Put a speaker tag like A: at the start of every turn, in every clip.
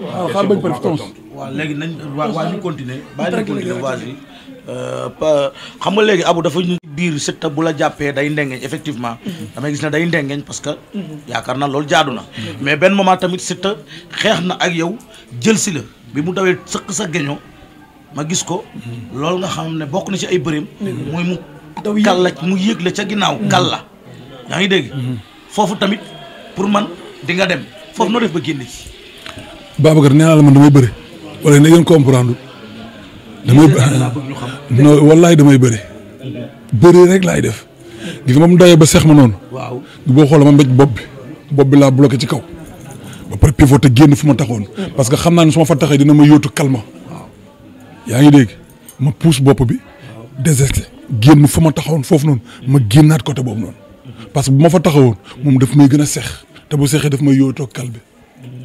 A: waaw xaar bañ pare tontu waaw léegi nañ waa waa ñu continuer bàyyi ñu continuer euh, xam nga léegi abu dafa ñu biir Siteu bu la jàppee day ndengeñ effectivement mhm. damay gis na day ndengeñ parce que mhm. yaakaar naa loolu jaadu na mhm. mais benn moment tamit Siteu xeex na ak yow jël si la bi mu dawee sëq sa geño ma gis ko loolu nga xam ne bokk na ci ay bëreem mooy mu kal la mu yëg la ca ginnaaw kal la yaa ngi dégg foofu tamit pour man di nga dem foofu noo def ba génn ci
B: Babacar nee naa la man damay bëri wala na ngeen comprendre damay non wallaay damay bëri bëri rek laay def gis nga moom dayoo ba seex ma noonu. waaw boo xoolee ma mbej bopp bi bopp bi laa bloqué ci kaw. ba pare pivoté génn fu ma taxoon. parce que xam naa ne su ma fa taxee dina ma yóotu kalma. yaa ngi dégg ma pousse bopp bi. désesté génn fu ma taxawoon foofu noonu ma génnaat côté boobu noonu. parce que bu ma fa taxawoon moom def may gën a seex te bu seexee def may yóotoo kal bi.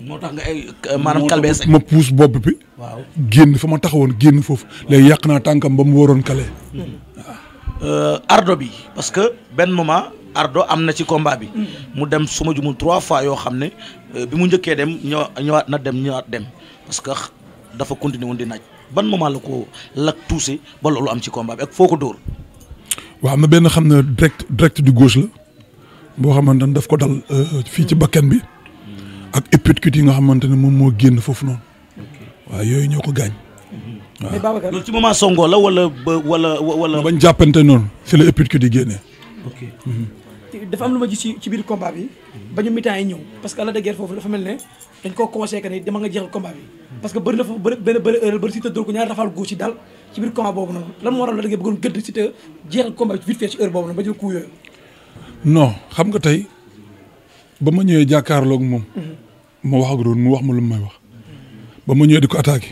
A: moo nga maanaam kalbeese ma
B: puus bopp bi. waaw génn fa ma taxawoon génn foofu. léegi ba mu waroon
A: euh, ardo bi parce que benn moment ardo am na ci combat bi. mu dem suma ma jumul trois fois yo xamne euh, bi mu ñëkke dem ñëwaat na dem ñëwaat dem parce que dafa continuer woon di naaj ban moment la ko lak tuuse ba lolu am ci combat bi ak foko door
B: wa amna ben na direct direct du gauche la bo xamante daf ko dal euh, fi ci bakken bi. ak uppercut yi nga xamante ne moom moo génn foofu noonu waaw yooyu ñoo ko gaañ.
A: waaw mais Babacar loolu ci la wala ba
B: wala wala. bañ noonu si la uppercut yi génnee.
A: Mhm. dafa am lu ma gis ci biir combat bi ba ñu mitaan yi ñëw parce que Lac de Guiers foofu dafa mel ne dañ koo conseillé que ni dama nga jeexal combat bi parce que bëri na foofu bëri benn bëri heure si te dóor ko ñaari ci daal ci biir combat boobu noonu lan moo waral Lac de Guiers gëdd si te jeexal combat bi ci heure boobu
B: xam nga tey bama ñëwé jakarlo ak mom ma wax ak doon mu wax ma lu may wax bama ma diko attaqué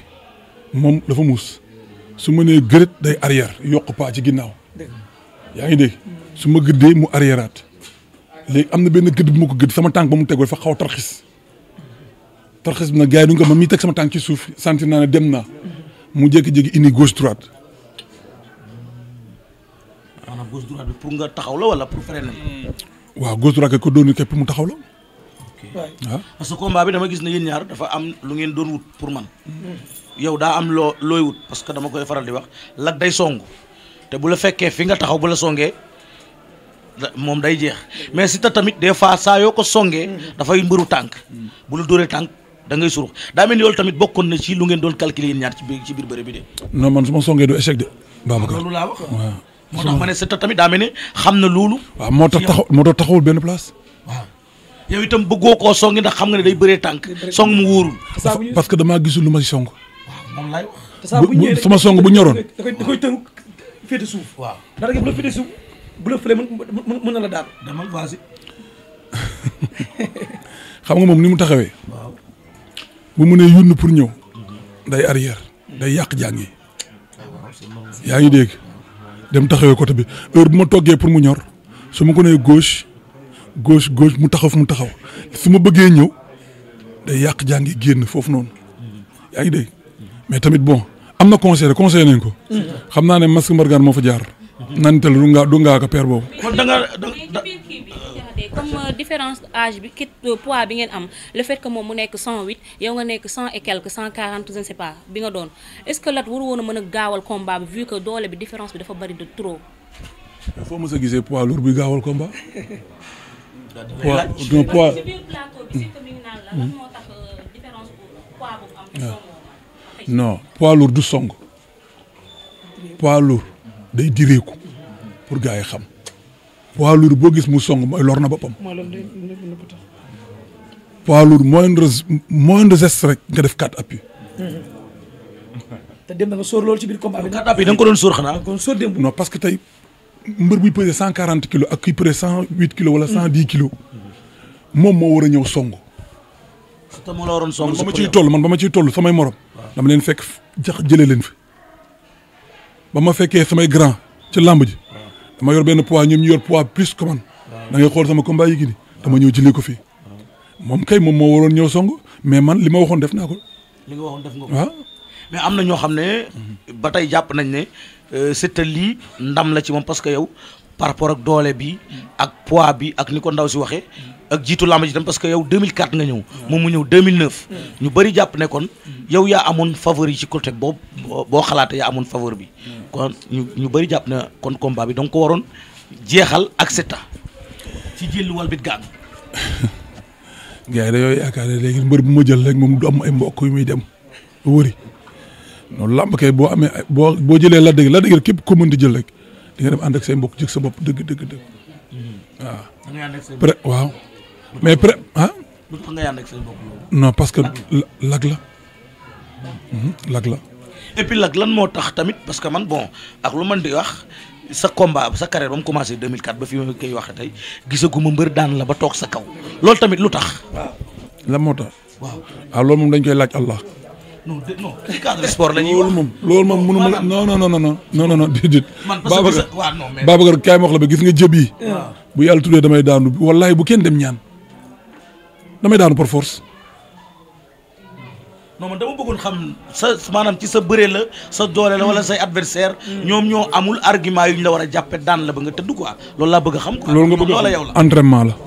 B: mom dafa mus su mëne gërët day arrière yokk pa ci ginnaw ya ngi dégg su ma gëddé mu arrièreaat léegi amna na benn gëdd bu ma gëdd sama tank ba mu tegoo fa xaw tarxis tarxis na gaay du nga ma mi tek sama tank ci suuf sentir na dem na mu jékki-jékki ini gauche droite
A: ana gauche droite pour nga taxaw la wala pour freiner
B: wa gauche rak ko doon képp mu taxaw la.
A: wa ah. parce que combat bi dama gis ne yeen ñaar dafa am lu ngeen doon wut pour man. yow da am lo loy wut parce que dama koy faral di wax la day songu te bu la fekke fi nga taxaw bu la songé mom day jeex mais si ta tamit des fois sa yo ko da fay mburu tank bu la dóoree tank da ngay suru da mel ni tamit bokkon na ci lu ngeen doon calculer ñaar ci ci bi de.
B: non man suma songé du échec de. Ah, Babacar
A: la wax moo tax ma ne Siteu tamit daa mel ne xam na loolu. moo tax taxaw
B: moo tax taxawul benn place. waaw
A: yow itam bëggoo koo songi ndax xam nga ne day bëree tànk song mu wóorul. parce
B: que damaa gisul ma si song.
A: waaw moom laay song bu ñoroon. da koy da koy tënk féete suuf. waaw dara gi mën mën na daal. demal vas-y.
B: nga moom ni mu taxawee. waaw bu mu nee yunn pour ñëw. day arrière. day yàq jàng yi. yaa ngi dégg. dem taxawee côté bi heure bu ma toggee pour mu ñor su ma ko nee gauche gauche gauche mu taxaw fu mu taxaw su ma bëggee ñëw day yàq jàngi génn foofu noonu yaa ngi mais tamit bon am na conseil conseil nañ ko. Mm-hmm. xam naa ne masque mbargaan moo fa jaar. Mm-hmm. naan itam du ngaa du ngaa boobu.
A: comme euh, différence âge bi kit euh, poids bi ngeen am le fait que mom mu nek 108 yow nga nek 100 et quelque 140 je ne sais pas bi nga don est-ce que Lat waru wona meuna gawal combat vu que doole bi
B: différence bi dafa bari de trop. faut mës a gisee poids lourd bi gawal combat. poids du poids. non poids lourd du song. poids lourd day direeku pour gaay xam. poids lourd boo gis mu song mooy lor na boppam. poids lourd moindre moindre geste rek nga def quatre appui.
A: te dem na nga sóor loolu ci biir combat bi. quatre appui da nga ko doon
B: sóor xanaa. kon sóor démb. non parce que tey mbër buy pesé cent quarante kilos ak kuy pesé cent huit kilos wala cent dix kilo moom moo war a ñëw songo
A: te moo la waroon song ma ciy
B: toll man ba ma ciy tollu samay morom. dama leen fekk jax jëlee leen fi. ba ma fekkee samay grand ci làmb ji. dama yor benn poids ñoom ñu yor poids plus que man da ngay xool sama combat yi ni dama ñëw jëlee ko fii moom kay moom moo waroon ñëw song mais man li ma waxoon def naa ko.
A: li waxoon def nga ko mais am na ñoo xam ne mhm. ba tey jàpp nañ ne euh, Siteu lii ndam la ci moom parce que yow par rapport ak doole bi mhm. ak poids bi ak ni ko ndaw si waxee mhm. ak jitu lamb ji tam parce que yow 2004 nga ñew moom mu 2009 ñu bari japp ne kon mm. yow ya amun favori ci côté bob bo ya ya favori. favor bi kon ñu ñu bari japp ne kon combat bi donc ko waron jéxal ak Siteu ci jël wal
B: bit gang gars yi dañoo yaakaar ne léegi bu ma jël rek mom du am ay mbokk yu muy dem wuri no lamb kay bo amé bo boo jëlee la dëgg la dëgg ko mën di jël rek di nga dem and ak say mbokk jëk sa
A: mais pré ah.
B: non parce que lag la. Mhm, lag la.
A: et lag lan moo tax tamit parce que man bon ak lu man di wax sa combat sa carrière ba mu commencé 2004 ba fi ma koy waxee tey gisaguma mbër daan
B: la ba toog sa kaw loolu tamit lu tax. waaw lan moo tax. waaw ah, loolu moom dañ koy laaj Allah. la ñuy wax loolu moom loolu moom mënu ma la non non non non non non non déedéet. man parce que Babacar Babacar kaay ma wax ba gis nga jëb yi. bu yàlla tuddee damay daanu wallaahi bu kenn dem ñaan. damay daanu pour force.
A: non man dama bëggoon xam sa maanaam ci sa bëre la sa doole la wala say adversaire ñoom ñoo amul argument yu ñu la war a jàppe daan la ba nga tëdd quoi loolu laa bëgg a xam. quoi loolu nga bëgg a xam
B: entraînement la.